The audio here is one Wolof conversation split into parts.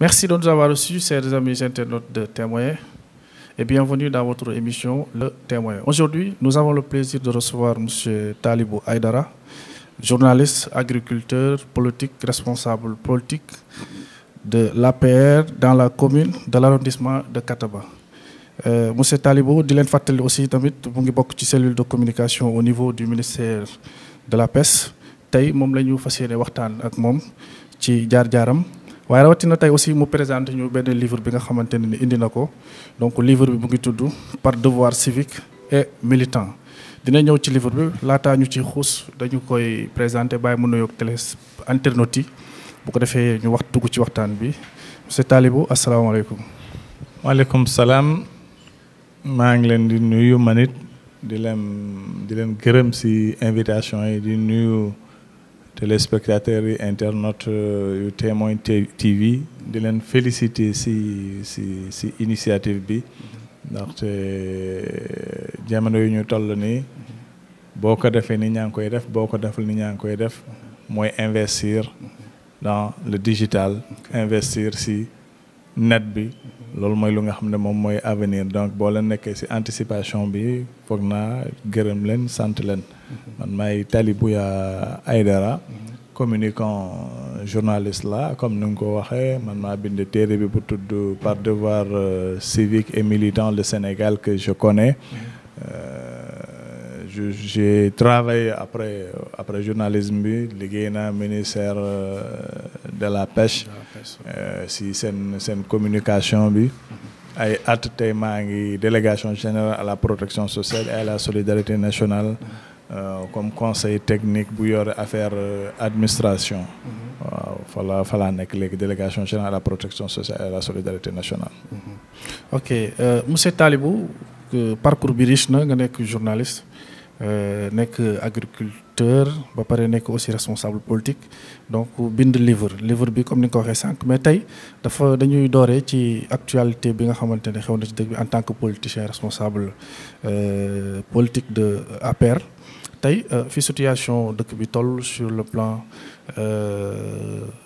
Merci de nous avoir reçus, chers amis internautes de Témoin, et bienvenue dans votre émission Le Témoin. Aujourd'hui, nous avons le plaisir de recevoir M. Talibou Aïdara, journaliste, agriculteur, politique, responsable politique de la l'APR dans la commune de l'arrondissement de Kataba. monsieur Talibou di leen fàttali aussi tamit mu ngi bokk ci cellule de communication au niveau du ministère de la pes tey moom la ñu fas yéene waxtaan ak moom ci jaar-jaaram waaye rawatina tey aussi mu présenté ñu benn livre bi nga xamante ne indi na ko donc livre bi mu ngi tudd par devoir civique et militant dina ñëw ci livre bi laataa ñu ci xuus dañu koy présenté baay mu nuyoog télé internautes yi bu ko defee ñu wax dugg ci waxtaan bi monsieur Talibou asalaamaaleykum. waaleykum salaam maa ngi leen di nuyu man it di leen di leen gërëm si invitation yi di nuyu. téléspectateurs yi internautes euh, yu témoin TV di leen félicité si si si initiative bi ndaxte euh, jamono yu ñu toll nii boo ko defee ni ñaa ngi koy def boo ko deful ni ñaa ngi koy def mooy investir dans le digital investir si net bi loolu mooy lu nga xam ne moom mooy avenir donc boo leen nekkee ci anticipation bi foog naa gërëm leen sant leen man maay Talibouya Aidara communicant journaliste la comme ni nga ko waxee man maa bind téere bi bu tudd par devoir euh, civique et militant le Sénégal que je connais euh, j'ai travaillé après après journalisme bi liggéey naa ministère euh, de la pêche euh, si seen seen communication bi ay at tey maa ngi délégation générale à la protection sociale et à la solidarité nationale mm-hmm. euh, comme conseil technique bu yore affaire administration mm-hmm. fala falaa nekk léegi délégation générale à la protection sociale e à la solidarité nationale mm-hmm. ok monsieur parcours bi riche na nga nekk journaliste Euh, nekk agriculteur ba pare nekk aussi responsable politique donc bind livre livre bi comme ni nga ko waxee sànq mais tey dafa dañuy doore ci actualité bi nga xamante ne xew na ci dëkk bi en tant que politicien responsable euh, politique de apper tey euh, fi situation dëkk bi toll sur le plan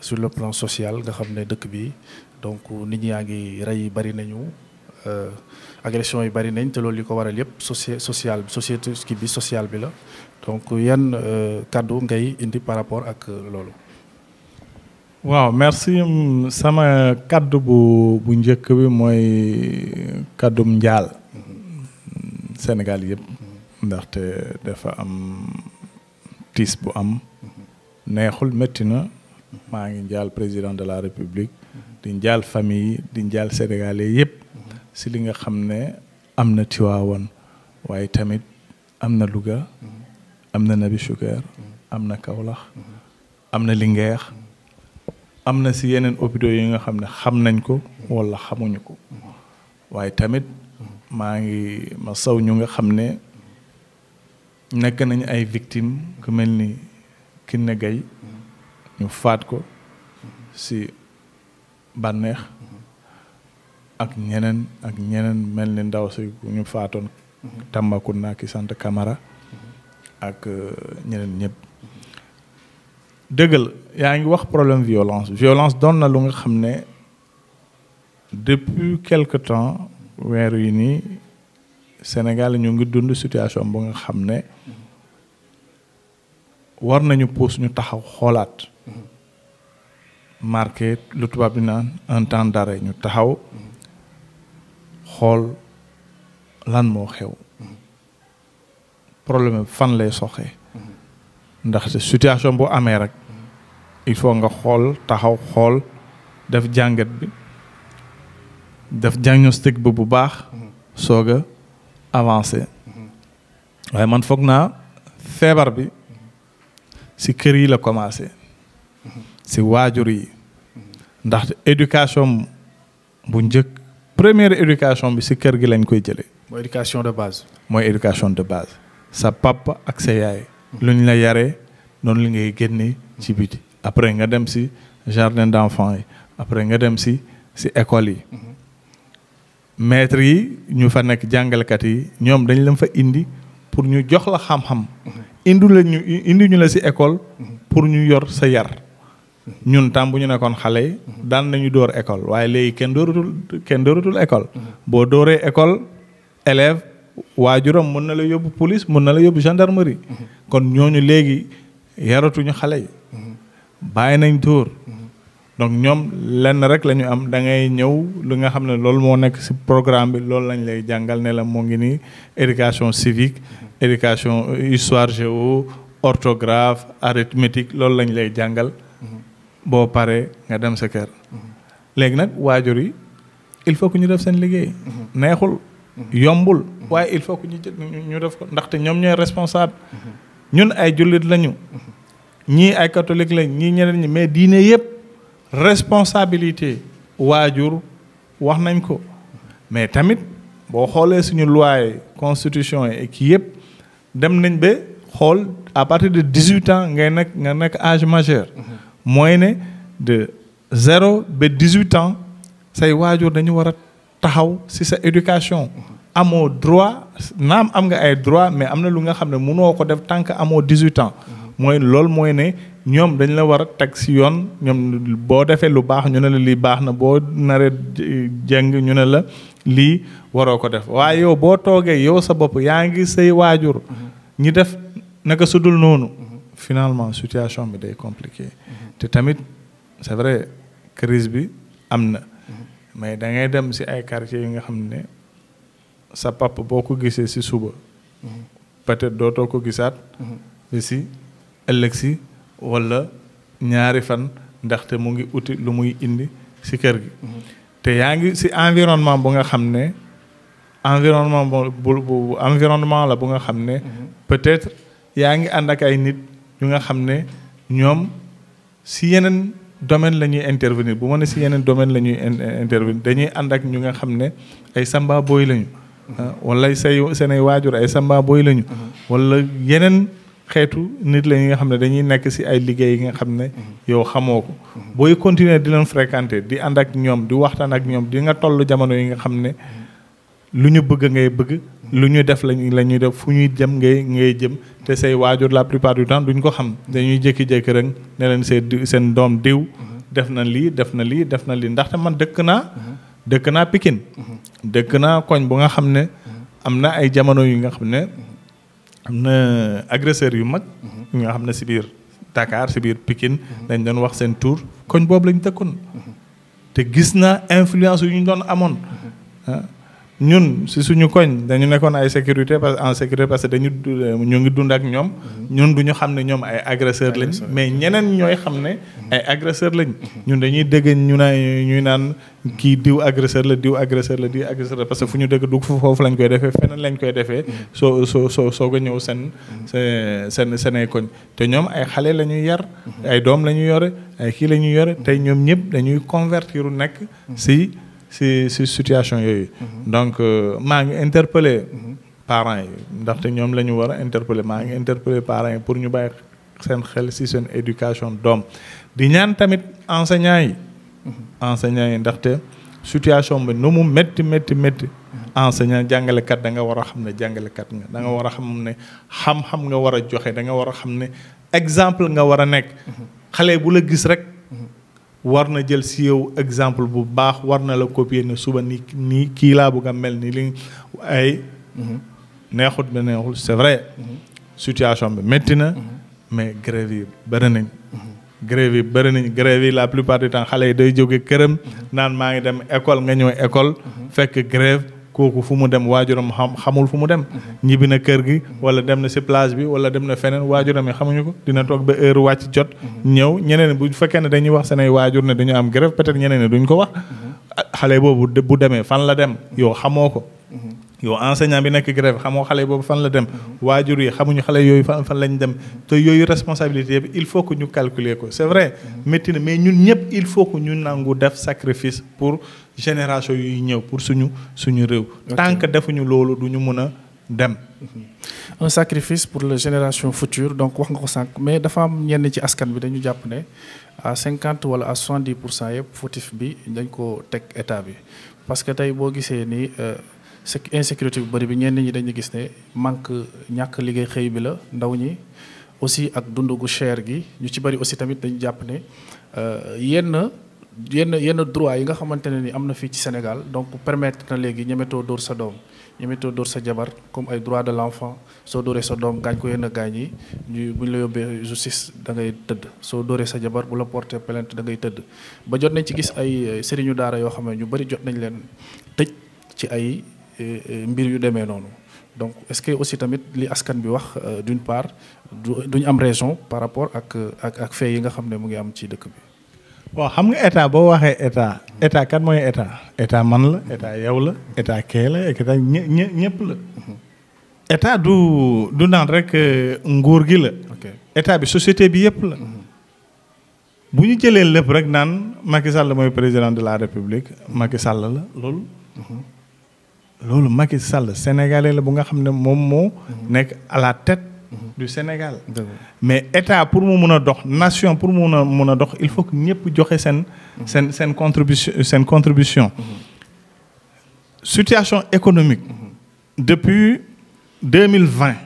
sur le plan social nga xam ne dëkk bi donc nit ñaa ngi rey bari nañu Euh, agression yi bari nañ te loolu li ko waral yëpp soci social société kii bi sociale bi la donc yan euh, kaddu ngay indi par rapport ak euh, loolu. waaw merci sama kàddu bu bu njëkk bi mooy kàddum njaal mm-hmm. Sénégal yëpp. Mm-hmm. ndaxte dafa am tiis bu am. Mm-hmm. neexul métti na. maa ngi njaal président de la république. di njaal famille yi di njaal sénégalais yëpp. ci li nga xam ne am na tiwawan waaye tamit am na Louga am na Nabi Choucair am na kawlax am na Linguère am na ci yeneen hôpitaux yi nga xam ne xam nañ ko wala xamuñu ko waaye tamit maa ngi ma saw ñu nga xam ne nekk nañu ay victimes ku mel ni ki Gaye ñu faat ko si bànneex ak ñeneen ak ñeneen mel ni ndaw si ñu faatoon Tambacounda ki sant Camara ak euh, ñeneen ñëpp dëgg yaa ngi wax problème violence violence doon na lu nga xam ne depuis quelque temps weer yi nii Sénégal ñu ngi dund situation bu nga xam ne war nañu pousse ñu taxaw xoolaat mm-hmm. marqué lu tubaab di naan un temps d'arrêt ñu taxaw xool lan moo xew problème fan lay soxee ndaxte situation bu amee rek il faut nga xool taxaw xool def jàngat bi def diagnostic bi bu baax soog a avancer waaye man foog naa feebar bi si kër yi la commencé si waajur yi ndaxte éducation bu njëkk première éducation bi si kër gi lañ koy jëlee. mooy éducation de base. mooy éducation de base sa papa ak sa yaay. lu ñu la yare noonu li ngay génnee ci biti. après nga dem si jardin d' enfants yi après nga dem si si école yi. maîtres yi ñu fa nekk jàngalekat yi ñoom dañ leen fa indi pour ñu jox la xam-xam. Mhm. indi la ñu indi ñu la si école. Mhm. pour ñu yor sa yar. ñun tam bu ñu nekkoon xale yi daan nañu dóor école waaye léegi kenn dóoratul kenn dóoratul école boo dóoree école élève waajuram mën na la yóbbu police mën na la yóbbu gendarmerie kon ñooñu léegi yaratuñu xale yi bàyyi nañ dóor donc ñoom lenn rek la ñu am da ngay ñëw lu nga xam ne loolu moo nekk ci programme bi loolu lañ lay jàngal ne la moo ngi nii éducation civique éducation histoire géo orthographe arithmétique loolu lañ lay jàngal boo paree nga dem sa kër. nag waajur yi il faut que ñu def seen liggéey. neexul yombul. waaye il faut que ñu def ndaxte ñoom ñooy responsable. ñun ay jullit lañu. ñii ay catholique lañ ñii ñeneen ñi mais diine yëpp responsabilité waajur wax nañ ko mais tamit boo xoolee suñu loi yi constitution yi kii yëpp dem nañ ba xool à partir de dix-huit ans ngay nekk nga nekk âge majeur. mooy ne de zéro be dix-huit ans say waajur dañu war a taxaw ci sa éducation amoo droit naam am nga ay droit mais am na lu nga xam ne mënoo ko def tànk amoo dix-huit ans mooy loolu mooy ne ñoom dañ la war a teg ci yoon ñoom boo defee lu baax ñu ne la lii baax na boo naree jeng ñu ne la lii waroo ko def waaye yow boo toogee yow sa bopp yaa ngi say waajur ñi def naka sudul noonu finalement situation bi day compliqué te tamit c'est vrai crise bi am na mais da ngay dem si ay quartiers yi nga xam ne sa pap boo ko gisee si suba peut-être dootoo ko gisaat bi si ëllëg si walla ñaari fan ndaxte mu ngi uti lu muy indi si kër gi te yaa ngi si environnement bu nga xam ne environnement bu environnement la bu nga xam ne peut yaa ngi ànd ak ay nit ñu nga xam ne ñoom si yeneen domaine la ñuy intervenir bu ma ne si yeneen domaine la ñuy intervenir dañuy ànd ak ñu nga xam ne ay samba booy lañu. Mm-hmm. Ah, wala say seenay waajur ay samba booy lañu. Mm-hmm. wala yeneen xeetu nit la ñi nga xam ne dañuy nekk si ay liggéey yi nga xam ne. Mm-hmm. yow xamoo ko. booy continuer di leen fréquenter di ànd ak ñoom di waxtaan ak ñoom di nga toll jamono yi nga xam ne lu ñu bëgg ngay bëgg. lu ñu def lañ la ñuy def fu ñuy jëm ngay ngay jëm te say waajur la plupart du temps duñ ko xam dañuy jékki-jékki rek ne leen seen doom diw def na lii def na lii def na lii ndaxte man dëkk naa dëkk naa pikin dëkk naa koñ bu nga xam ne am na ay jamono yu nga xam ne am na agresseur yu mag yu nga xam ne si biir Dakar si biir pikin dañ doon wax seen tour koñ boobu lañ dëkkoon te gis na influence yu ñu doon amoon ah. ñun si suñu koñ dañu nekkoon ay sécurité parce en sécurité parce que dañu euh, ñu ngi dund ak ñoom mm-hmm. ñun duñu xam ne ñoom ay agresseur lañ mais ñeneen ñooy xam ne mm-hmm. ay agresseur lañ mm-hmm. ñun dañuy dégg ñu naa ñuy naan kii diw agresseur la diw agresseur la diw agresseur la parce que fu ñu dëgg dugg foofu lañ koy defee feneen lañ koy defee soo soo soo soog a ñëw seen seen seen ay koñ te ñoom ay xale la ñuy yar ay doom la ñuy yore ay kii la ñuy yore tey ñoom ñëpp dañuy convertir nekk si si si situation yooyu. Mhm. donc euh, maa ngi interpellé mhm. parents yi ndaxte ñoom la ñu war a interpellé maa ngi interpellé parents yi pour ñu bàyyi seen xel si seen éducation doom di ñaan tamit enseignants yi. Mhm. enseignants yi ndaxte situation bi nu mu métti métti métti. enseignant jàngalekat da nga war a xam ne jàngalekat nga da nga war a xam ne xam-xam nga war a joxe da nga war a xam ne exemple nga war a nekk. xale bu la gis rek. war na jël si yow exemple bu baax war na la copier ne suba ni nii kii laa bëgg a mel ni li ay mhm. neexut bi neexul c'est vrai mhm. situation bi métti na mhm. mais grève yi bëri nañ grève yi bëri nañ grève yi la plupart du temps xale yi day jóge këram naan maa ngi dem école nga ñëw école fekk grève kooku fu mu dem waajuram xam xamul fu mu dem mhm. ñibbi na kër gi wala dem na si plage bi wala dem na feneen waajuram yi xamuñu ko dina toog ba heure wàcc jot mhm. ñëw ñeneen bu fekkee ne dañuy wax seenay waajur ne dañu am grève peut-être ñeneen ne duñ ko wax mhm. ah, xale boobu bu demee fan la dem yow xamoo ko yow enseignant bi nekk grève xamoo xale boobu fan la dem waajur yi xamuñu xale yooyu fan fan lañ dem te yooyu responsabilité bi il faut que ñu calculer ko c'est vrai métti na mais ñun ñëpp il faut que ñu nangu def sacrifice pour génération yuy ñëw pour suñu suñu réew. tant que defuñu loolu du ñu mën a dem. un sacrifice pour la génération future donc wax nga ko sànq mais dafa am ñenn ci askan bi dañu jàpp ne à cinquante wala à soixante pour cent yëpp fautif bi dañ ko teg état bi parce que tey boo gisee ni euh, insécurité bu bëri bi ñenn ñi dañu gis ne manque ñàkk liggéey xëy bi la ndaw ñi aussi ak dund gu cher gi ñu ci bëri aussi tamit dañu jàpp ne euh, yenn. yenn yenn droit yi nga xamante ne ni am na fii ci Sénégal donc permettre na léegi ñemetoo dóor sa doom ñemetoo dóor sa jabar comme ay droit de l'enfant soo dóoree sa doom gaañ ko yenn gaañ yi ñu bu ñu la yóbbee justice da ngay tëdd soo dóoree sa jabar bu la porter plainte da tëdd ba jot nañ ci gis ay sëriñu daara yoo xam ne ñu bëri jot nañ leen tëj ci ay e, e, mbir yu demee noonu donc est-ce que aussi tamit li askan bi wax euh, d'une part duñ am raison par rapport ak ak ak fait yi nga xam ne mu ngi am ci dëkk bi waaw xam nga état boo waxee état état kan mooy état état man la état yow la état kee la état ñë ñëpp la état du du naan rek euh, nguur gi la état bi société bi yëpp la bu ñu jëlee lépp rek naan Macky Sall mooy président de la république Macky sàll la loolu loolu Macky Sall sénégalais la bu nga xam ne moom moo mhm. nekk à la du Sénégal. mais état pour mu mun a dox nation pour mu mun a mun a dox il faut que ñëpp joxe seen. Mhm. seen seen contribution seen contribution. Mhm. situation économique. Mhm. depuis deux mille vingt.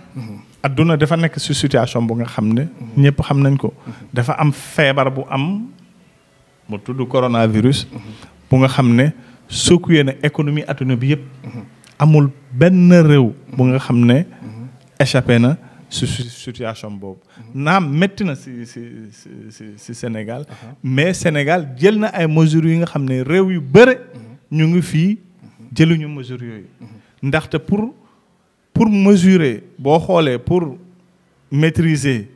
adduna dafa nekk si situation bu nga xam ne. ñëpp xam nañ ko. dafa am feebar bu am mu tudd coronavirus. bu nga xam ne secoué na économie adduna bi yëpp. amul benn réew bu nga xam ne échappé na. su situation boobu. naam métti na si si si Sénégal. Uh-huh. mais Sénégal jël na ay mesures yi nga xam ne réew yu bëre. Uh-huh. ñu ngi fii uh-huh. jëluñu mesures yooyu. ndaxte pour pour mesurer boo xoolee pour maitriser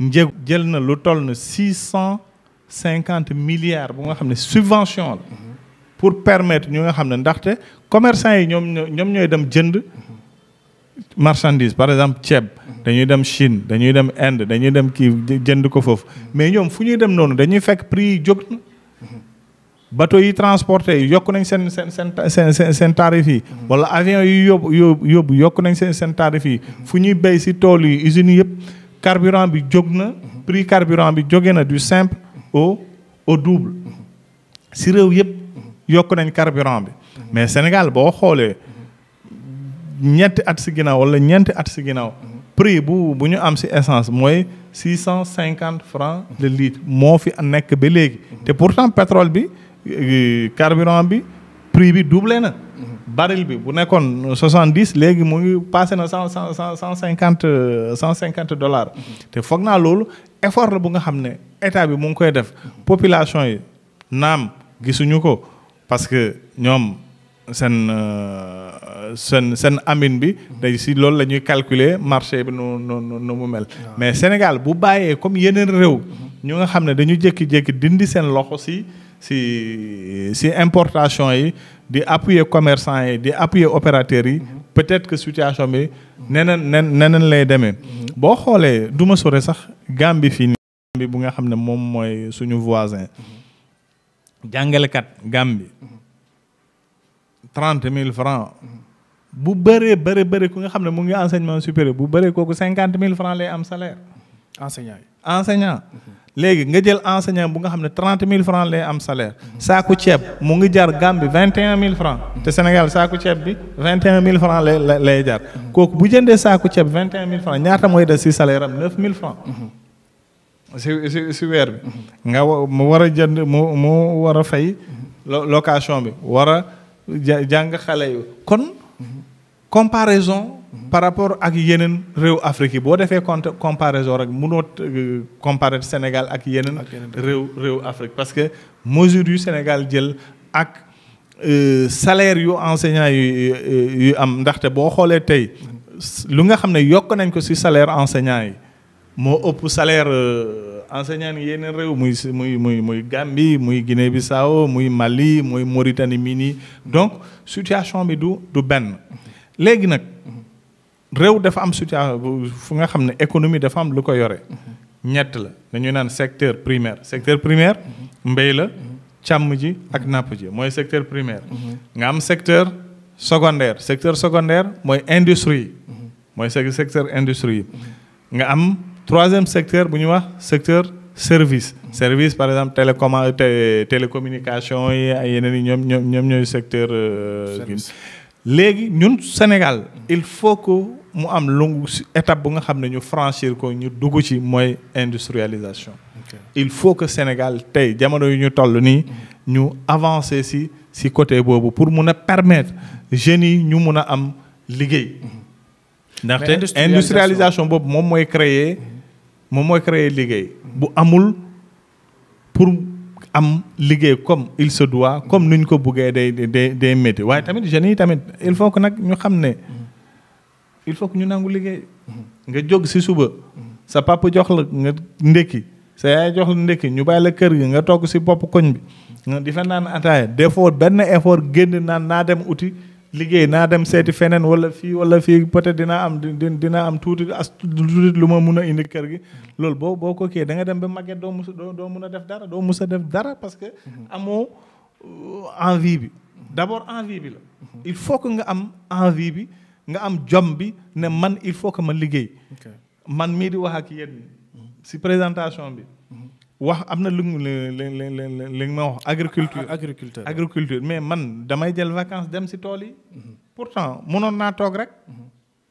njëg jël na lu toll na six cent cinquante milliards bu nga xam ne subvention la. pour permettre ñu nga xam ne ndaxte commerçant yi ñoom ñoom ñooy dem jënd marchandise par exemple ceeb. dañuy dem Chine dañuy dem Inde dañuy dem kii jënd ko foofu mais ñoom fu ñuy dem noonu dañuy fekk prix yi jóg na bateau yi transporté yi yokk nañ seen seen seen seen seen tarif yi wala avion yi yóbbu yóbbu yóbbu yokk nañ seen seen tarif yi fu ñuy béy si tool yi usines yëpp carburant bi jóg na prix carburant bi jóge na du simple au au double si réew yëpp yokk nañ carburant bi mais Sénégal boo xoolee ñetti at si ginnaaw wala ñeenti at si ginnaaw prix bu bu ñu am si essence mooy six cent cinquante francs le litre moo fi nekk ba léegi te pourtant pétrole bi euh, carburant bi prix bi doublé na baril bi bu nekkoon soixante dix léegi mu ngi passé na cent cent cent cent cinquante euh, cent cinquante dollars te foog naa loolu effort la bu nga xam ne état bi mu ngi koy def population yi naam gisuñu ko parce que ñoom seen euh, seen seen amine bi day mhm. si loolu la ñuy calculer marché bi nu nu nu mu mel mais Sénégal bu bàyyee comme yeneen réew mhm. ñu nga xam ne dañu jékki-jékki dindi seen loxo si si si importation yi di appuyer commerçant yi di appuyer opérateurs yi mhm. peut-être que situation bi neneen nen neneen lay demee boo xoolee du ma sore sax Gambie fii nii Gambie bu nga xam ne moom mooy suñu voisin jàngalekat Gambie trente mille francs bu bëree bëri bëri ku nga xam ne mu ngi enseignement supérieur bu bëree kooku cinquante mille francs lay am salaire. enseignant yi enseignant. Mhm. léegi nga jël enseignant bu nga xam ne trente mille francs lay am salaire mhm. saaku ceeb mu ngi jar Gambie vingt et un mille francs te mhm. Sénégal saaku ceeb bi vingt mille francs lay lay jar kooku bu jëndee saaku ceeb vingt et mille francs ñaata mooy des si salaire am neuf mille francs si si si weer bi nga mu war a jënd mu mu war a fay bi jàng xale yu kon comparaison par rapport ak yeneen réew Afrique yi boo defee comparaison rek mënoo euh, comparer Sénégal ak yeneen réew réew Afrique parce que mesure yu Sénégal jël ak euh, salaire yu enseignant yu yu am ndaxte boo xoolee tey lu nga xam ne yokk nañ ko ci salaire enseignant yi moo ëpp salaire euh, enseignant yi yeneen réew muy muy muy muy Gambie muy Guinée Bissau muy Mali muy Mauritanie mii nii donc situation bi du du benn léegi nag réew dafa am situation fu nga xam ne économie dafa am lu ko yore ñett la dañuy naan secteur primaire secteur primaire mbay la càmm ji ak napp ji mooy secteur primaire nga am secteur secondaire secteur secondaire mooy industrie mooy secteur industrie nga am troisième secteur bu ñuy wax secteur service service par exemple télécom télécommunication yi ay yeneen yi ñoom ñoom ñoom ñooy secteur euh, léegi ñun Sénégal il faut que mu am longu étape bu nga xam ne ñu franchir ko ñu dugg ci mooy industrialisation il faut que Sénégal tey jamono yu ñu toll nii ñu avancé si si côté boobu pour mun a permettre jeunes yi ñu mun a am liggéey mhm. ndaxte industrialisation boobu moom mooy créer moom mooy créer liggéey bu amul pour am liggéey comme il sa doit comme nuñ ko buggee day day day métti waaye tamit jeunes yi tamit il faut que nag ñu xam ne il faut que ñu nangu liggéey nga jóg si suba sa papa jox la nga ndékki sa yaay jox la ndékki ñu bay la kër gi nga togg si bopp koñ bi di fa naan ataaya defoo benn effort génn naan naa dem uti liggéey naa dem seeti feneen wala fii wala fii peut-être dinaa am di dinaa am tuuti as tuuti lu ma mun a indi kër gi loolu boo boo ko kii da nga dem ba màgget doo mus doo doo mun a def dara doo mus a def dara parce que amoo euh, envie bi d'abord envie bi la il faut que nga am envie bi nga am jom bi ne man il faut que ma liggéey man mii di wax ak yéen si présentation bi wax am na lu li ma wax agriculture agriculture agriculture mais man damay jël vacances dem si tool yi mhm. pourtant mënoon naa toog rek mhm.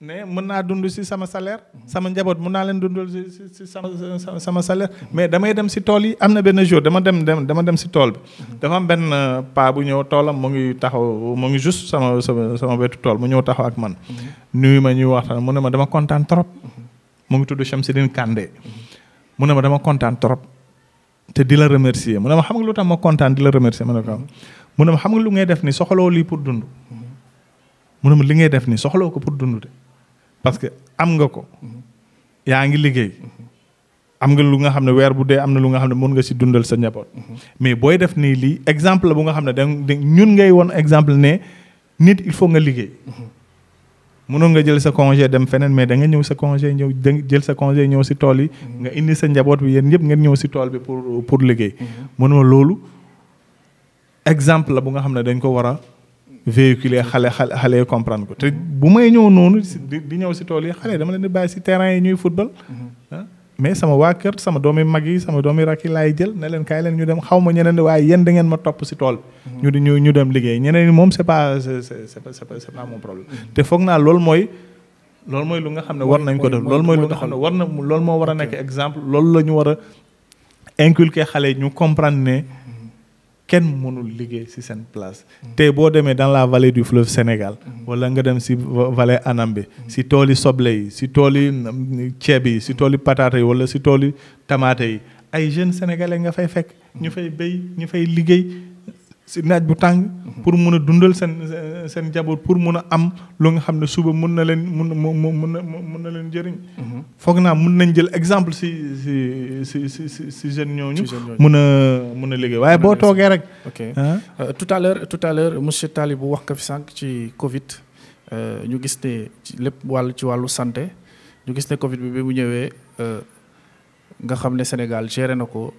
mais mën naa dund si sama salaire mhm. sama njaboot mën naa leen dundal si si si sama sama salaire damay dem si tool yi am na benn jour dama dem dem dama dem si tool bi dafa am benn euh, paa bu ñëw toolam mu ngi taxaw mu ngi juste sama sama sama wetu tool mu ñëw taxaw ak man nuyu ma ñuy waxtaan mu ne ma dama kontaan trop mu ngi tudd Chamsidine Kandé mu ne ma dama kontaan trop te di la remercier mu ne ma xam nga lu tax ma kontaan di la remercier ma ne ko mu ne ma nga lu ngay def ni soxloo lii pour dund. mu ne ma li ngay def ni soxloo ko pour dund parce que am nga ko. yaa ngi liggéey. am nga lu nga xam ne weer bu dee am na lu nga xam ne mën nga si dundal sa njaboot. mais booy def nii lii exemple bu nga xam ne da ñun ngay won exemple ne nit il faut nga liggéey. mënoon nga jël sa congé dem feneen mais da nga ñëw sa congé ñëw jël sa congé ñëw si tool yi. Mhm. nga indi sa njaboot bi yéen ñëpp ngeen ñëw si tool bi pour pour liggéey. Mhm. mënoo loolu exemple la bu nga xam ne dañ ko war a véhiculer xale xale xale yi comprendre ko te mhm. bu may ñëw noonu di ñëw si tool yi xale dama leen di bàyyi si terrain yi ñuy football. Ah. mais sama waa kër sama doomi mag yi sama doomi rakk yi laay jël ne leen kaay leen ñu dem xaw ma ñeneen waaye yéen da ngeen ma topp si tool mhm. ñu di ñu ñu dem liggéey ñeneen moom c'est pas c'est c'est pas mon problème mhm. te foog naa loolu mooy loolu mooy lu nga xam ne war nañ ko def loolu mooy lu nga xam ne war na loolu moo war a nekk exemple loolu la ñu war a inculquer xale yi ñu comprendre ne kenn mënul liggéey si seen place te boo demee dans la vallée du fleuve Sénégal wala nga dem si ci vallée Anambé ci tooli soble yi ci tooli ceeb yi ci tooli pataate yi wala ci tooli tamaate yi ay jeunes sénégalais nga fay fekk ñu fay béy ñu fay liggéey si naaj bu tàng pour mun a dundal seen seen njaboot pour mun a am lu nga xam ne suba mun na leen mun na mun na mun na leen jëriñ foog naa mun nañ jël exemple si si si si si jeunes ñooñu mun a mun a léegi waaye boo toogee rek ok ah? euh, tout à l'heure tout à l'heure wax nga fi sànq ci Covid euh, ñu gis ne lépp wàll ci wàllu sante ñu gis ne Covid bi bi mu ñëwee euh, nga xam ne Sénégal géré na ko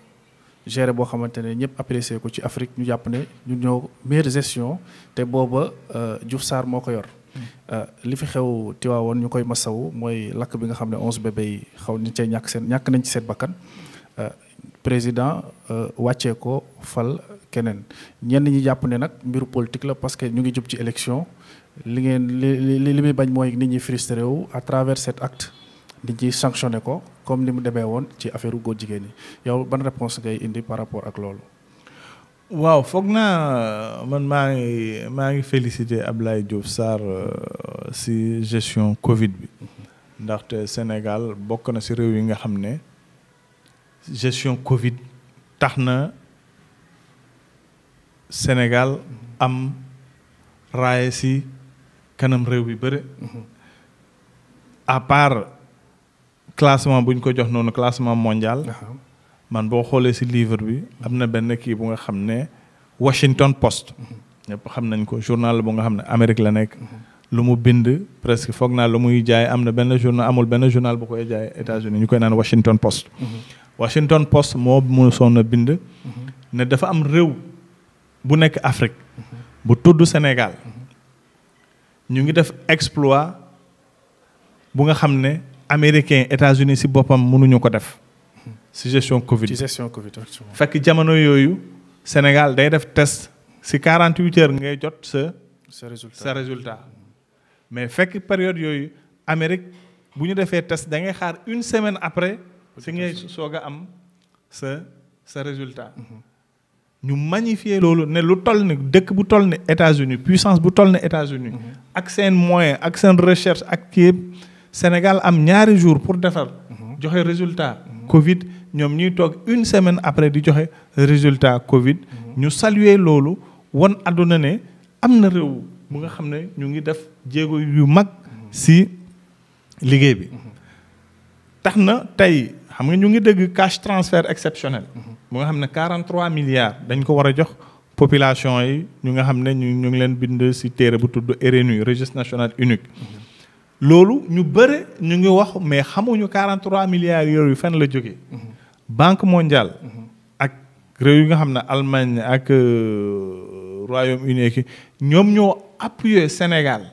géré boo xamante ne ñëpp apprécier ko ci Afrique ñu jàpp ne ñu ñoo meilleure gestion te booba euh, Diouf saar moo ko yor mm. euh, li fi xew Tiwaawoon ñu koy masawu mooy lakk bi nga xam ne onze bébé bay xaw nañ cee ñàkk seen ñàkk nañ ci seen bakkan euh, président wàccee ko fal keneen ñenn ñi jàpp ne nag mbiru politique la parce que ñu ngi jub ci élection li ngeen li li muy bañ mooy nit ñi frustré wu à travers cet act nit ñi sanctionné ko comme ni mu demee woon ci affaire góor jigéen ñi yow ban réponse ngay indi par rapport ak loolu. waaw foog naa euh, man maa ngi maa ngi félicité Ablaye Diouf Sarr euh, si gestion Covid bi ndaxte Sénégal bokk na si réew yi nga xam ne gestion Covid tax na Sénégal am raaye si kanam réew yu bari mhm. à classement bu ñu ko jox noonu classement mondial. man boo xoolee si livre bi am na benn kii bu nga xam ne Washington Post. Mhm. ñëpp xam nañ ko journal bu nga xam ne Amérique la nekk. Mhm. lu mu bind presque foog naa lu muy jaay am na benn journal amul benn journal bu koy jaay États-Unis ñu koy naan Washington Post. Mhm. Washington Post moo mu soon a bind. ne dafa am réew bu nekk Afrique. bu tudd Sénégal. ñu ngi def exploit bu nga xam ne. américain États-Unis si boppam mënuñu ko def si gestion Covid. ci gestion Covid fekk jamono yooyu Sénégal day def test si 48 heures ngay jot sa. sa résultat sa résultat mais fekk période yooyu Amérique bu ñu defee test da ngay xaar une semaine après. fi ngay soog a am sa sa résultat. ñu magnifier loolu ne lu toll ni dëkk bu toll ne États-Unis puissance bu toll ne États-Unis mhm. ak seen moyen ak seen recherche ak kii Sénégal am ñaari jour pour defar joxe résultat Covid ñoom ñuy toog une semaine après di joxe résultat Covid ñu saluer loolu won àdduna ne am na réew mu nga xam ne ñu ngi def jéego yu mag si liggéey bi tax na tey xam nga ñu ngi dëgg cash transfert exceptionnel bu nga xam ne 43 milliards dañ ko war a jox population yi ñu nga xam ne ñu ñu ngi leen bind si téere bu tudd RNU registre national unique loolu ñu bëre ñu ngi wax mais xamuñu 43 milliards yooyu fan la jóge banque mondiale. ak réew yu nga xam ne Allemagne ak euh, Royaume-Uni ki ñoom ñoo appuyer Sénégal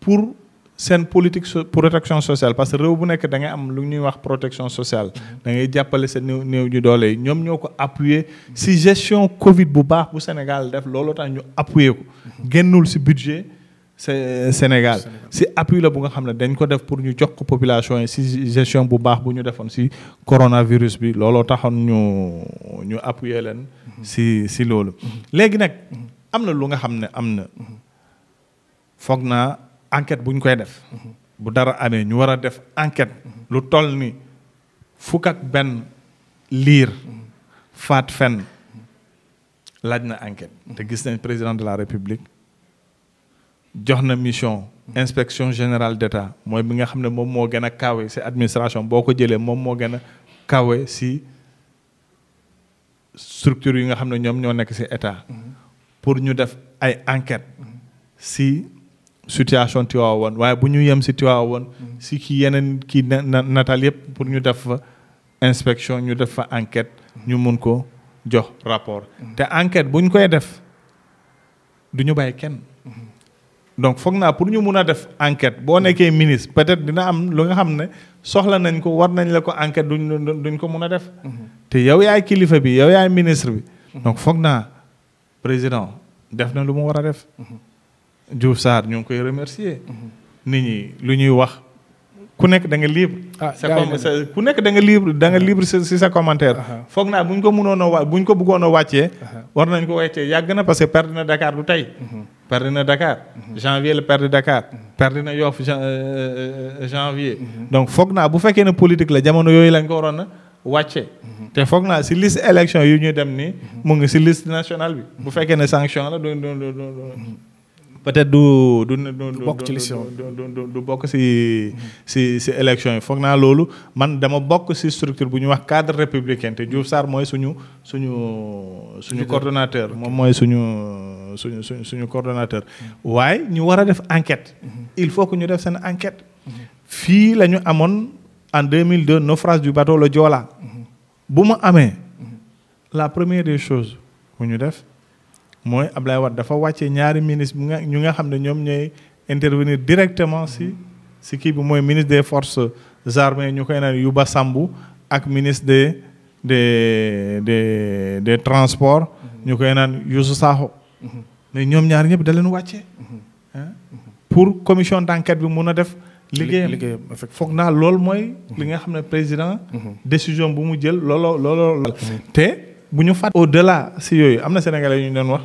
pour. seen politique so protection sociale parce que réew bu nekk da ngay am lu ñuy wax protection sociale da ngay jàppale sa néew néew ñu doole yi ñoom ñoo ko appuyer si gestion Covid bu baax bu Sénégal def looloo tax ñu appuyer ko génnul si budget Euh, Sénégal si appui la bu nga xam ne dañ ko def pour ñu jox ko population yi si gestion bu baax bu ñu defoon si coronavirus bi looloo taxoon ñu ñu appuyer leen mhm. si si loolu mhm. léegi nag am na lu nga xam ne am na mhm. foog naa enquête buñ koy def bu dara amee ñu war a def enquête lu toll ni fukk benn liir faat fenn laaj na enquête te gis nañ président de la république jox na mission inspection général d'État mooy bi nga xam ne moom moo gën a kawe si administration boo ko jëlee moom moo gën a kawe si structure yi nga xam ne ñoom ñoo nekk si état pour ñu def ay enquête si situation Tivaouane waaye bu ñu yem si Tivaouane si ki yeneen kii na nataal yëpp pour ñu def fa inspection ñu def fa enquête ñu mun ko jox rapport te enquête bu ñu koy def du ñu bàyyi kenn donc foog naa pour ñu mun a def enquête boo nekkee ministre peut-être dina am lu nga xam ne soxla nañ ko war nañ la ko enquête duñ duñ ko mun a def. Mm-hmm. te yow yaay kilifa bi yow yaay ministre bi. donc foog naa président def na lu mu war a def. Mm-hmm. Diouf Sarr ñu ngi koy remercier. Mm-hmm. nit ñi lu ñuy wax. ku nekk da nga ah sa ku nekk da nga libre da nga libre si sa commentaire. foog naa bu ñu ko mënoon a wa bu ñu ko bëggoon wàccee. war nañ ko wàccee yàgg na parce que perte na Dakar du tey. Mhm. perte na Dakar. Mhm. janvier la perte Dakar. Mhm. perte na Yoff euh, euh, euh, janvier. donc foog naa bu fekkee ne politique la jamono yooyu lañ ko waroon a wàccee. te foog naa si liste élection yu ñu dem nii. mu ngi si liste nationale bi. bu fekkee ne sanction la doon doon doon peut-être du du du bokk ci élection du bokk si si si élection yi foog naa loolu man dama bokk si structure bu ñuy wax cadre républicain te Diouf mooy suñu suñu suñu coordonnateur moom mooy suñu suñu suñu suñu coordonnateur waaye ñu war a def enquête mhm. il faut que ñu def seen enquête mhm. fii la ñu amoon en deux 2002 naufrage du bateau le Joola mhm. bu mu amee la première des choses bu ñu def mooy Ablaye Wade dafa wàcce ñaari ministre nga ñu nga xam ne ñoom ñooy intervenir directement si si kii bi mooy ministre des forces armées ñu koy naan ba Sambu ak ministre des des des des transports mhm. ñu koy naan Youssou Sakho mhm. mais ñoom ñaar ñëpp da leen wàcce mhm. ah. pour commission d'enquête bi mun a def liggéeyam foog naa lool mooy li nga xam ne président décision bu mu jël looloo looloo te bu ñu fat au delà si yooyu am na sénégalais yu ñu doon wax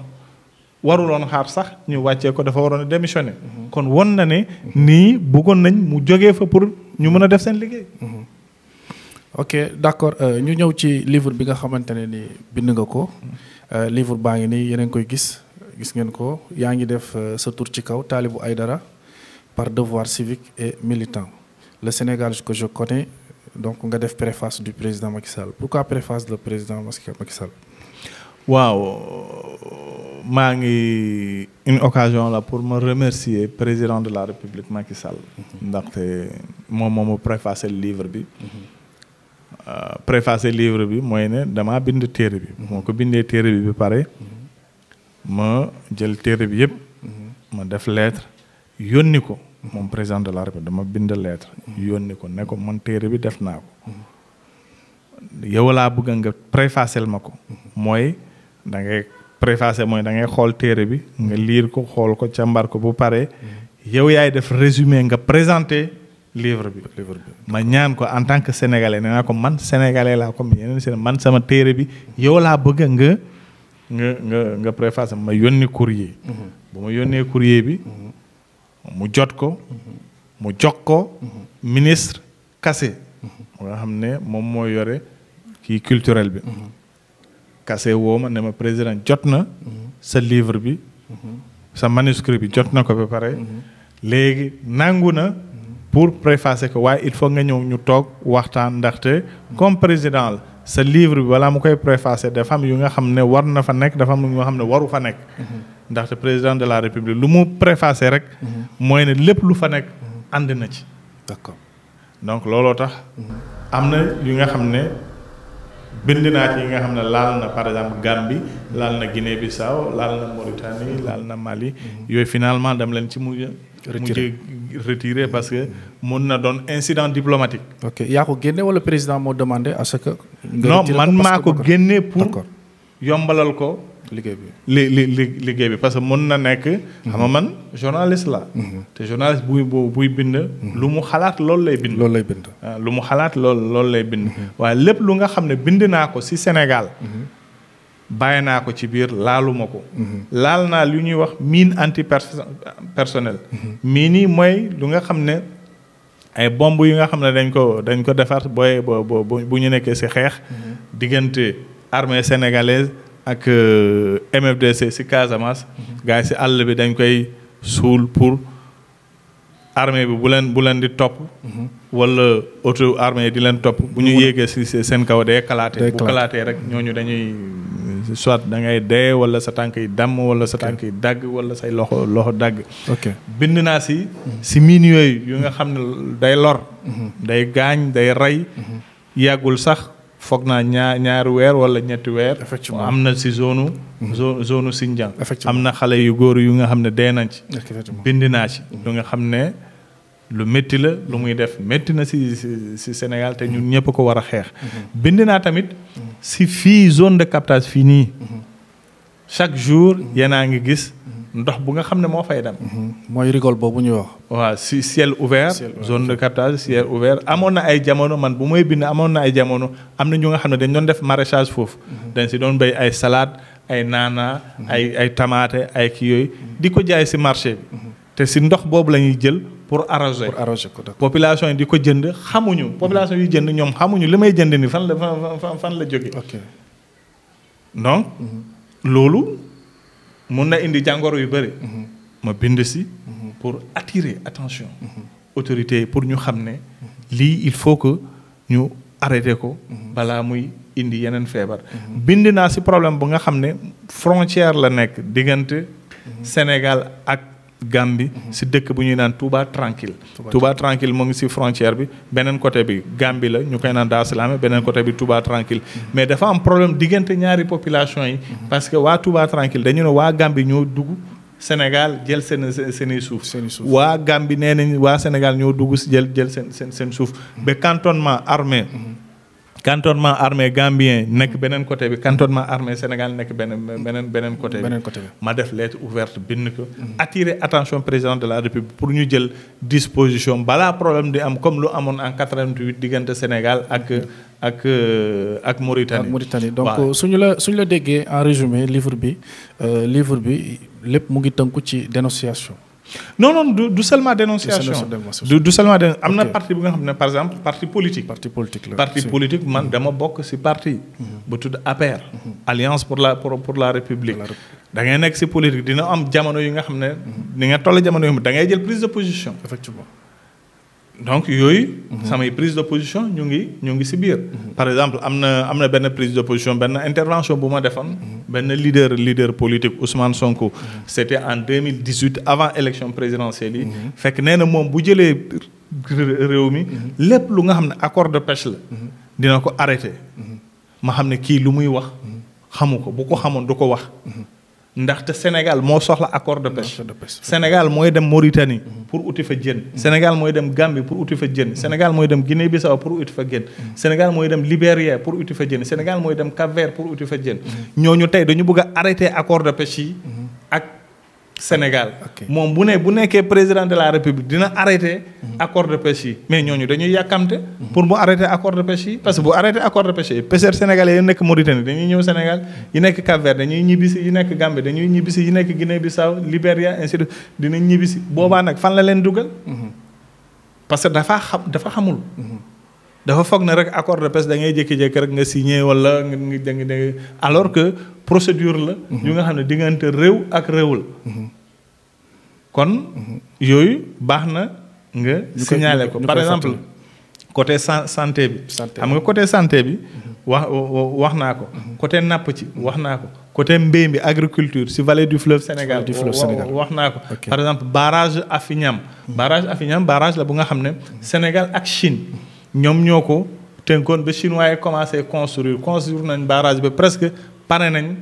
waruloon xaar sax ñu wàccee ko dafa waroon a démissionné mhm. kon won na ne mhm. nii buggoon nañ mu jógee fa pour ñu mën a def seen liggéey mhm. ok d'accord euh, ñu ñëw ci livre bi nga xamante ne ni bind nga ko euh, livre baa ngi nii yeneen koy gis gis ngeen ko yaa ngi def euh, sa tur ci kaw ay dara par devoir civique et militant le Sénégal que je donc nga def préface du président Macky Sall pourquoi préface le président Macky Sall. waaw maa ngi une occasion la pour ma remercier président de la république Macky Sall. Mhm. ndaxte moom moo ma préfacé livre bi. Mhm. Euh, préfacé livre bi mooy ne damaa bind téere bi. Mhm. moo ko bindee téere bi ba pare. ma jël téere bi yëpp. ma def lettre yónni ko. moom président de la République dama bind lettre. yónni ko ne ko man téere bi def naa ko. yow laa bëgg nga préfacel ma ko. mooy da ngay préfacé mooy da ngay xool téere bi. nga liir ko xool ko càmbar ko bu paree. yow yaay def résumé nga présenté livre bi. livre bi ma ñaan ko en tant que sénégalais nee naa ko man sénégalais laa comme yeneen seen man sama téere bi yow laa bëgg nga nga nga nga ma yónni courrier. Mhm. bu ma yónnee courrier bi. Mhm. mu jot ko mu jox ko ministre kase mu mhm. xam ne moom moo yore kii culturel bi mhm. kase woo ma ne ma président jot na mhm. sa livre bi sa manuscrit bi jot na ko ba pare léegi nangu na pour préfacer ko waaye il faut nga ñëw ñu toog waxtaan ndaxte comme président la sa livre bi balaa mu koy préfacer dafa am yu nga xam ne war na fa nekk dafa am yu nga xam ne waru fa nekk. Mhm. ndaxte président de la république lu mu préfacer rek. Mhm. mooy ne lépp lu fa nekk mhm. ànd na ci. d'accord donc looloo tax. am na yu nga xam ne bind naa ci yi nga xam ne laal na par exemple Gambie laal na Guinée-Bissau laal na Mauritanie laal na Mali. yooyu finalement dam leen ci mujj. mujjee retiré parce que mun na doon incident diplomatique. ok yaa ko génne wala président moo demandé à ce que. non man maa ko génne pour yombalal ko. liggéey bi li li li liggéey bi parce que mën na nekk. xam nga mhm. man journaliste la mhm. te journaliste buy buy bind. Mhm. lu mu xalaat loolu lay bind. loolu lay bind. Ah, lu mu xalaat lool loolu lay bind. waaye lépp lu nga xam ne bind naa ko si Sénégal. bàyyi naa ko ci biir laaluma ko. Mhm. laal naa lu ñuy wax mine anti personnel. Mhm. mine nii mooy lu nga xam ne ay bomb yu nga xam ne dañ ko dañ ko defar booy bo bu ñu nekkee si xeex. Mhm. diggante armée sénégalaise ak euh, MFDC si Casamance. gars yi si àll bi dañ koy suul pour armée bi bu leen bu leen di topp. wala auto armée di leen topp. bu ñu yéegee si seen kaw day kalaatee bu kalaatee rek ñooñu dañuy. soit da ngay dee wala sa tànk yi damm wala sa tànk yi dagg wala say loxo loxo dagg. ok bind naa si. Mhm. si miin yooyu yu nga xam ne day lor. Mhm. day gaañ day rey. Mhm. yàggul sax foog naa ñaar ñaari weer wala ñetti weer. effectivement am na si zone zone zone Sindian. am na xale yu góor yu nga xam ne dee nañ ci. bind naa ci yu nga xam ne. lu métti la lu muy def métti na si si Sénégal te ñun ñëpp ko war a xeex. bind naa tamit si fii zone de captage fii nii chaque jour yéen a ngi gis ndox bu nga xam ne moo fay dem. mooy rigole boobu ñuy wax. waaw si ciel ouvert zone de captage ciel ouvert amoon na ay jamono man bu mooy bind amoon na ay jamono am na ñu nga xam ne dañ doon def maraîchage foofu. dañ si doon bay ay salade ay naana ay ay tamaate ay kii di ko jaay si marché te si ndox boobu lañuy jël. pour arroser pour arroser ko population yi di ko jënd xamuñu. population yi jënd ñoom xamuñu li may jënd ni fan la fan la jóge ok donc mm-hmm. loolu mun na indi jàngoro yu bëri. Mm-hmm. ma bind si. Mm-hmm. pour attirer attention. autorité pour ñu xam ne lii il faut que ñu arrêté ko. balaa muy indi yeneen feebar. bind naa si problème bu nga xam ne frontière la nekk diggante Sénégal ak. Gambie si dëkk bu ñuy naan Touba tranquille Touba tranquille moo ngi si frontière bi beneen côté bi gambi la ñu koy naan Dar Salaam beneen côté bi Touba tranquille mm-hmm. mais dafa am problème diggante ñaari population yi mm-hmm. parce que waa Touba tranquille dañu ne waa gambi ñoo dugg Sénégal jël seen seeni suuf waa Gambie nee nañ waa Sénégal ñoo dugg si jël jël seen seen seen suuf mm-hmm. ba cantonnement armé cantonnement armée gambien nekk hmm. beneen côté bi cantonnement armée Sénégal nekk beneen beneen beneen côté bi ma def lettre ouverte bind ko hmm. attirer attention président de la république pour ñu jël disposition balaa problème di am comme lu amoon en 88 diggante Sénégal ak hmm. ak euh, ak Mauritanie Mauritanie donc suñu la suñu la déggee en résumé livre bi euh, livre bi lépp mu ngi tënku ci dénonciation non non du du seulement dénonciation du du seulement am na parti bu nga xam ne par exemple parti politique. parti politique la parti politique man mm-hmm. dama bokk ci parti. Mm-hmm. bu tudd APR. Mm-hmm. alliance pour la pour pour la république. da ngay nekk si politique dina am jamono yi nga xam ne. ni nga toll jamono yi da ngay jël prise de position. effectivement. donc yooyu. samay prise de position ñu ngi ñu ngi si biir. par exemple am na am na benn prise de position benn intervention bu ma defoon. benn leader leader politique Ousmane Sonko. c' était en deux mille dix huit avant élection présidentielle yi. fekk nee na moom bu jëlee réew mi. lépp lu nga xam ne accord de pêche la. dina ko arrêté. ma xam ne kii lu muy wax. xamu ko bu ko xamoon du ko wax. ndaxte Sénégal moo soxla accord de pêche Sénégal mooy dem Mauritanie mhm. pour uti fa jën mhm. Sénégal mooy dem Gambie pour uti fa jën mhm. Sénégal mooy dem Guinée Bissau pour uti fa jën Sénégal mooy dem Libéria pour uti fa jën Sénégal mooy dem Cap-Vert pour uti fa jën ñooñu tey dañu bëgg a arrêter accord de pêche yi ak Sénégal oh, moom bu ne bu nekkee président de la république dina arrêté accord de pêche yi mais ñooñu dañuy yàkkamte pour mu arrêté accord de pêche yi parce que bu arrêté accord de pêche yi pêcheurs sénégalais yi nekk Mauritanie dañuy ñëw Sénégal yi nekk Cap dañuy ñibbisi yi nekk Gambie dañuy ñibbisi yi nekk Guinée Bissau Libéria ainsi de dinañ ñibbisi boobaa nag fan la leen dugal mm-hmm. parce que dafa xam dafa xamul mm-hmm. dafa foog ne rek accord de pêche da ngay jékki-jékki rek nga signé wala nga ngi da alors que procédure la. Mhm. ñu nga xam ne diggante réew ak réew la. Mhm. kon mhm. yooyu baax na nga. signalé ko par exemple. côté santé bi. xam nga côté santé bi. wax wax naa ko. côté napp ci wax naa ko. côté mbéy bi agriculture si vallée du fleuve Sénégal wax naa ko par exemple barrage Affiniam barrage Affiniam barrage la bu nga xam ne Sénégal ak Chine. ñoom ñoo ko tënkoon ba chinois yi commencé construire construire nañ barrage bi presque pare nañ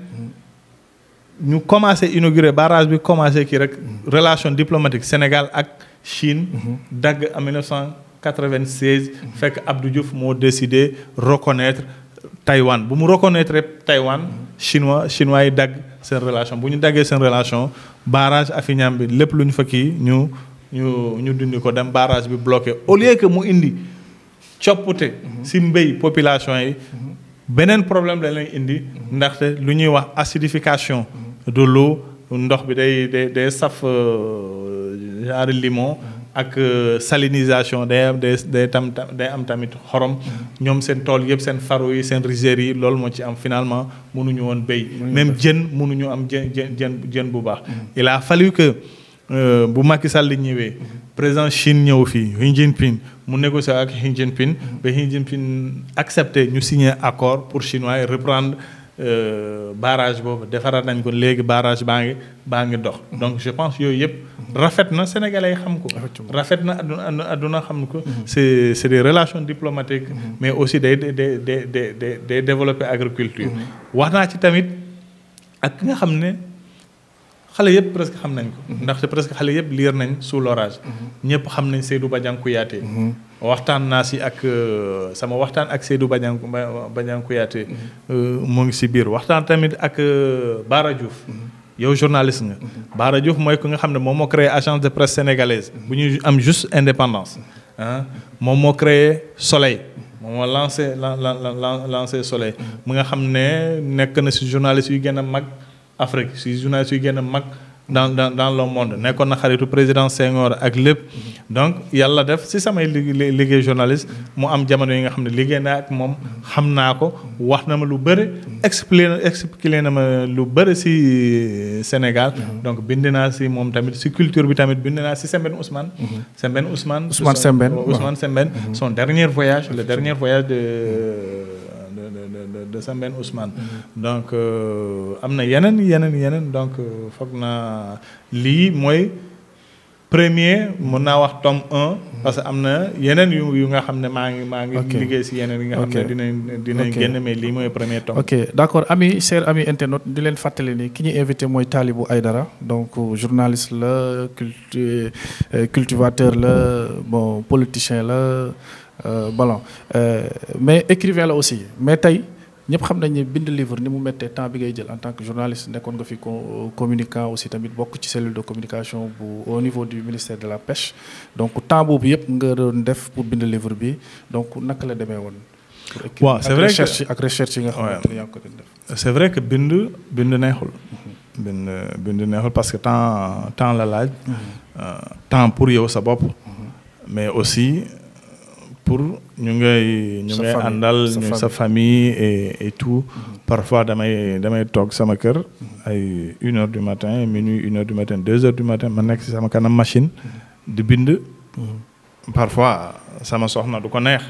ñu commencé inauguré barrage bi commencé kii rek relation diplomatique Sénégal ak Chine dagg en 1996 fekk Abdou Diouf moo décidé reconnaître Taïwan bu mu reconnaître Taïwan chinois chinois yi dagg seen relation bu ñu daggee seen relation barrage Affiniam bi lépp lu ñu fa kii ñu ñu ñu dindi ko dem barrage bi bloqué au lieu que mu indi coppute si mbéy population yi beneen problème la leen indi ndaxte lu ñuy wax acidification du l'eau ndox bi day day day saf euh, genre limon ak euh, salinisation day am day day tam day am tamit xorom ñoom seen tool yëpp seen faro yi seen rizières yi loolu moo ci am finalement mënuñu woon béy même jën mënuñu am jën jën jën bu baax il a euh, bu Macky Sall ñëwee président Chine ñëw fii Xi Jinping mu négocier ak Xi Jinping ba Xi Jinping accepté ñu signer accord pour chinois yi reprendre euh, barrage boobu defaraat nañ ko léegi barrage baa ngi baa ngi dox. donc je pense yooyu yëpp rafet na sénégalais xam ko. rafet na adduna adduna xam ko. Mm-hmm. c'est c'est des relations diplomatiques. Mm-hmm. mais aussi day day day day day développer agriculture. Mm-hmm. wax naa ci tamit ak nga xam ne. xale yëpp presque xam nañ ko. ndaxte presque xale yëpp liir nañ sous l'orage. ñëpp xam nañ Seydou Badiane Kouyaté. waxtaan naa si ak sama waxtaan ak Seydou Badiane Badiane Kouyaté. moo ngi si biir waxtaan tamit ak Bara Diouf. yow journaliste nga. Bara mooy ku nga xam ne moom moo créé agence de presse sénégalaise. bu ñuy am juste indépendance. moom moo créer Soleil. moom moo lancé la la lancé Soleil. mu nga xam ne nekk na si journaliste yu gën a mag. Afrique si journaliste yu gën a mag dans dans le monde nekkoon na xaritu président Senghor ak lépp donc yàlla def si samay liggéey liggéey journaliste mu am jamono yi nga xam ne liggéey naa ak moom xam naa ko wax na ma lu bëri expliqué expliqué na ma lu bëri si euh, Sénégal mhm. donc bind naa si moom tamit si culture bi tamit bind naa si Sembène Ousmane mhm. Sembène Ousmane Ousmane son mhm. dernier voyage le dernier voyage de de de Sembène Ousmane. donc euh, am na yeneen yeneen yeneen donc euh, foog na lii mooy premier mun naa wax tome un. parce que am na yeneen yu yu nga xam ne maa ngi maa ngi. liggéey si yeneen yi nga xam ne dinañ dinañ génn mais lii mooy premier tome. ok d' accord ami cher ami internaute di leen fàttali ni ki ñu invité mooy ay dara donc euh, journaliste la culti cultivateur la bon politicien la. Euh, ballon euh, mais écrivain la aussi mais tey ñëpp xam nañu ne bind livre ni mu méttee temps bi ngay jël en tant que journaliste nekkoon nga fi communicant aussi tamit bokk ci cellule de communication bu au niveau du ministère de la pêche donc temps boobu yëpp nga doon def pour bind livre bi donc naka la demee woon. waaw c'est vrai que ak recherche yi nga xam ne yaa ngi ko doon def. c'est vrai que bind bind neexul. Mhm. parce que temps temps la laaj. Mhm. Euh, temps pour yow sa bopp. Mhm. mais aussi. pour ñu ngay ñu ngay àndal sa famille et et tout mm-hmm. parfois damay damay toog sama kër mm-hmm. ay une heure du matin minuit une heure du matin deux heures du matin ma nekk si sama kanam machine mm-hmm. di bind parfois sama soxna du ko neex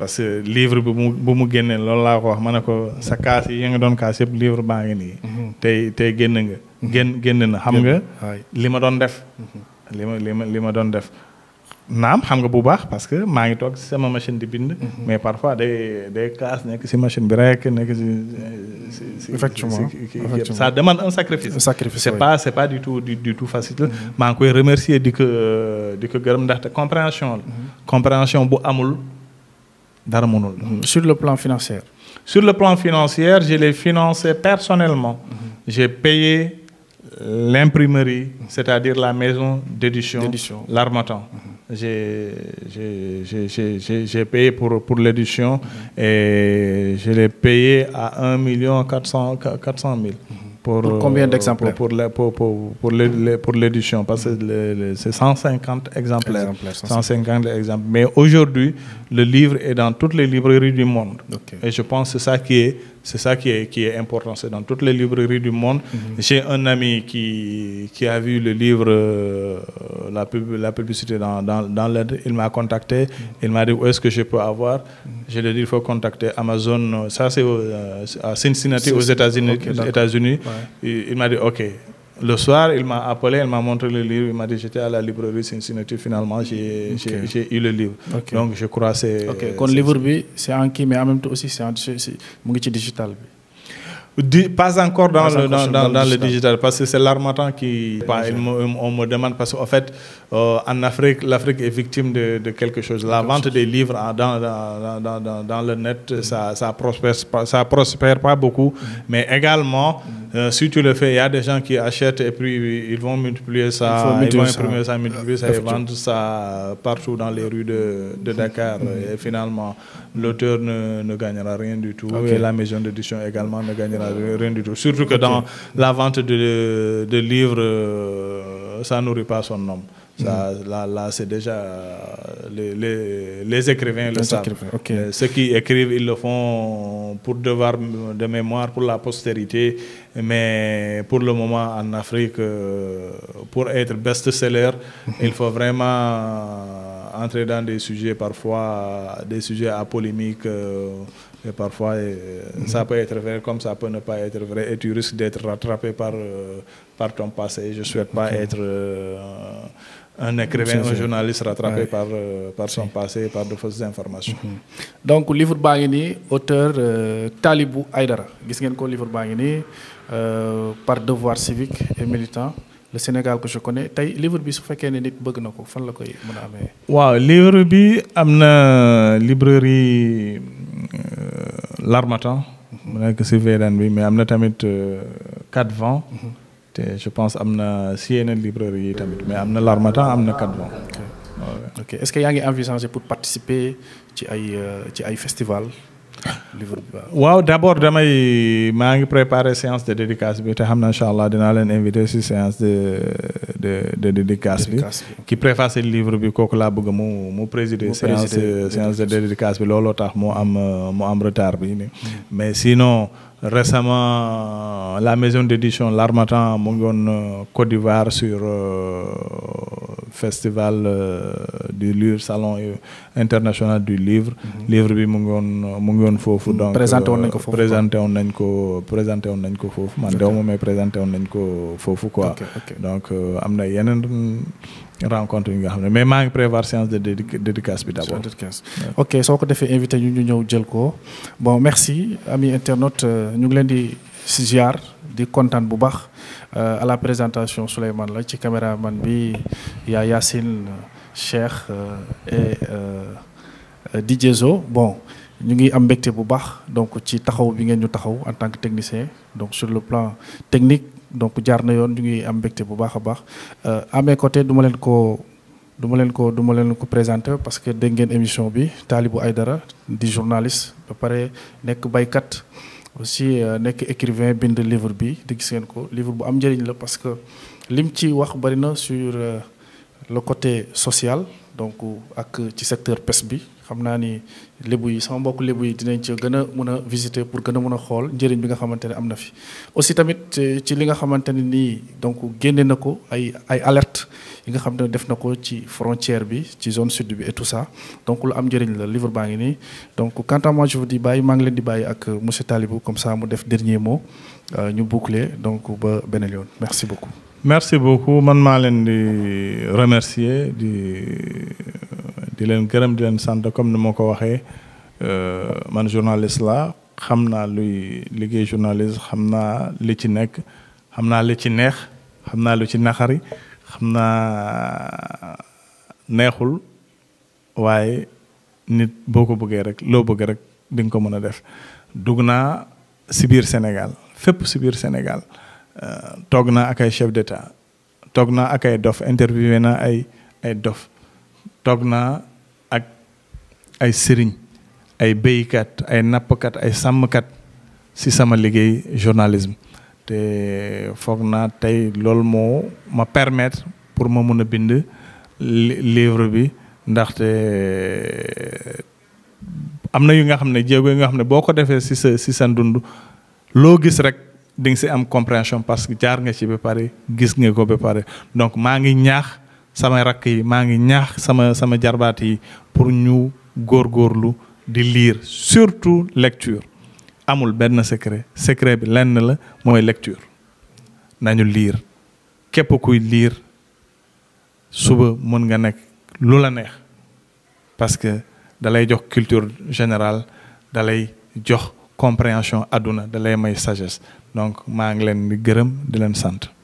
parce que livre bu mu bu mu génnee loolu laa ko wax ma ne ko sa kaas yi nga doon kaas yëpp livre baa ngi nii tey tey génn nga génn génn na xam nga li ma doon def li ma li ma ma doon def naam xam nga bu baax parce que maa ngi toog si sama machine di bind. Mhm. mais parfois day day classe nekk si machine bi rek nekk si. effectivement effectivement ça demande un sacrifice. un sacrifice c'est pas c'est pas du tout facile. Mhm. maa ngi koy remercier di ko di ko gërëm ndaxte compréhension la. Mhm. compréhension bu amul dara mënul. sur le plan financier. sur le plan financière je financer financé personnellement. j'ai payé. l'imprimerie, c'est-à-dire la maison d'édition, l'Armatan. Mm -hmm. J'ai payé pour, pour l'édition mm -hmm. et je l'ai payé à 1 400 000. Pour, pour, combien euh, d'exemplaires pour, pour, pour l'édition, parce que mhm. c'est 150 exemplaires. exemplaires 150 exemples. Mais aujourd'hui, le livre est dans toutes les librairies du monde. Okay. Et je pense que c'est ça qui est C'est ça qui est, qui est important. C'est dans toutes les librairies du monde. Mm -hmm. J'ai un ami qui, qui, a vu le livre, euh, la, pub, la, publicité dans, dans, dans l'aide. Il m'a contacté. Mhm. Il m'a dit où est-ce que je peux avoir. Mm -hmm. Je lui ai dit il faut contacter Amazon. Ça, c'est euh, à Cincinnati, aux États-Unis. Okay, États ouais. il, il m'a dit OK. le soir, il m'a appelé, il m'a montré le livre, il m'a dit à la librairie Cincinnati, finalement j'ai okay. j'ai eu le livre. Okay. Donc je crois c'est OK, kon livre bi aussi c'est en ngi ci digital Di, pas encore dans pas le digital parce que c'est l'harmattan qui pas, on me demande parce qu'en fait euh, en Afrique l'Afrique est victime de de quelque chose la quelque vente des livres dans dans dans le net mm. ça ça prospère ça prospère pas beaucoup mhm. mais également mhm. Euh, si tu le fais, il y a des gens qui achètent et puis ils vont multiplier ça, ils, vont imprimer ça, multiplier ça et vendre ça partout dans les rues de, de Dakar. Mm-hmm. Et finalement, l'auteur ne, ne, gagnera rien du tout okay. et la maison d'édition également ne gagnera rien du tout. Surtout que okay. dans la vente de, de livres, euh, ça nourrit pas son nom. Ça, là, là c'est déjà euh, les, les, les écrivains le savent. Okay. Euh, ceux qui écrivent, ils le font pour devoir de mémoire, pour la postérité. Mais pour le moment, en Afrique, euh, pour être best-seller, mhm. il faut vraiment entrer dans des sujets parfois, des sujets à polémique. Et parfois, mhm. ça peut être vrai comme ça peut ne pas être vrai. Et tu risques d'être rattrapé par, par ton passé. Je ne souhaite pas okay. être... Euh, un écrivain un journaliste rattrapé par euh, par son passé par de fausses informations. Mm-hmm. donc livre baa ngi nii auteur euh, ay dara gis ngeen ko livre baa ngi nii euh, par devoir civique et militant. le Sénégal que je connais tey livre bi su fekkee ne nit bëgg na ko fan la koy mën a amee. waaw livre bi am na librairie L'Harmattan. mu mm-hmm. nekk si Védane bi mais am na tamit Quatre Vents. Mm-hmm. je pense am na si yeneen librairie yi tamit mais am na L'Harmattan am na Quatre Vents. ok est-ce que yaa ngi envisager pour participer ci ay euh, ci ay festival livre waaw d'abord damay maa ngi préparer séance de dédicace bi te xam na incha allah dinaa leen invité si séance de de de dédicace bi. ki préface livre bi kooku laa bëgg mu mu présider. séance euh, séance de dédicace bi looloo tax mu am euh, mu am retard bi. Mm. mais sinon. récemment la maison d'édition L'Harmattan mu ngi woon euh, Côte d'Ivoire sur euh, festival euh, du livre salon international du livre. Mhm. livre bi mu ngi woon mu ngi foofu. donc présenté woon nañ ko foofu présenté woon nañ ko présenté woon nañ ko foofu man dew ma mais présenté woon nañ ko foofu quoi. donc am na yeneen. rencontre yi nga xam ne mais maa ngi prévoir séance de dédicace bi d' soo ko defee invité ñu ñu ñëw jël ko bon merci ami internaute euh, ñu ngi leen di ziar di kontaan bu baax euh, à la présentation Souleymane la ci man bi yaa Yacine Cheikh euh, et di jeso bon. ñu ngi am mbégte bu baax donc ci taxaw bi ngeen ñu taxaw en tant que technicien donc sur le plan technique donc jaar na yoon ñu ngi am mbégte bu baax a baax euh, à mes côtés du leen ko duma leen ko du leen ko présenté parce que dégg ngeen émission bi ay dara di journaliste ba pare nekk baykat aussi euh, nekk écrivain bind livre bi di gis ngeen ko livre bu am njëriñ la parce que lim ci wax bari na sur euh, le côté social donc ak ci secteur pêche bi xam naa ni lébu yi sama mbokk lébu yi dinañ ci gën a mën a visiter pour gën a mën a xool njëriñ bi nga xamante ne am na fi. aussi tamit ci li nga xamante ne nii donc génne na ko ay ay alerte yi nga xam ne def na ko ci frontière bi ci zone sud bi et tout ça donc lu am njëriñ la livre baa ngi nii donc quant à moi di bàyyi maa ngi leen di bàyyi ak monsieur Talibou comme ça mu def dernier mot euh, ñu boucler donc ba beneen yoon merci beaucoup. merci man maa leen di remercier di. di leen gërëm di leen sant comme ni ma ko waxee euh, man journaliste la xam naa luy liggéey journaliste xam naa li ci nekk xam naa li ci neex xam naa lu ci naxari xam naa neexul waaye nit boo ko bëggee rek loo bëgg rek di ko mën a def dugg naa si biir Sénégal fépp si biir Sénégal euh, toog naa ak ay chef d'état toog naa ak ay dof interviewé naa ay ay dof toog naa ay sëriñ ay béykat ay nappkat ay sàmmkat si sama liggéey journalisme te foog naa tey loolu moo ma permettre pour ma mun a bind livre bi ndaxte euh, am na yu nga xam ne jéego yi nga xam ne boo ko defee si sa si sa dund loo gis rek di si am compréhension parce que jaar nga ci ba pare gis nga ko ba pare donc maa ngi ñaax sama rakk yi maa ngi ñaax sama sama jarbaat yi pour ñu góor góorgóorlu di liir surtout lecture amul benn secret secret bi lenn la mooy lecture nañu liir képp kuy liir suba mën nga nekk lu la neex parce que dalay jox culture générale dalay jox compréhension àdduna dalay may sages donc maa ngi leen di gërëm di leen sant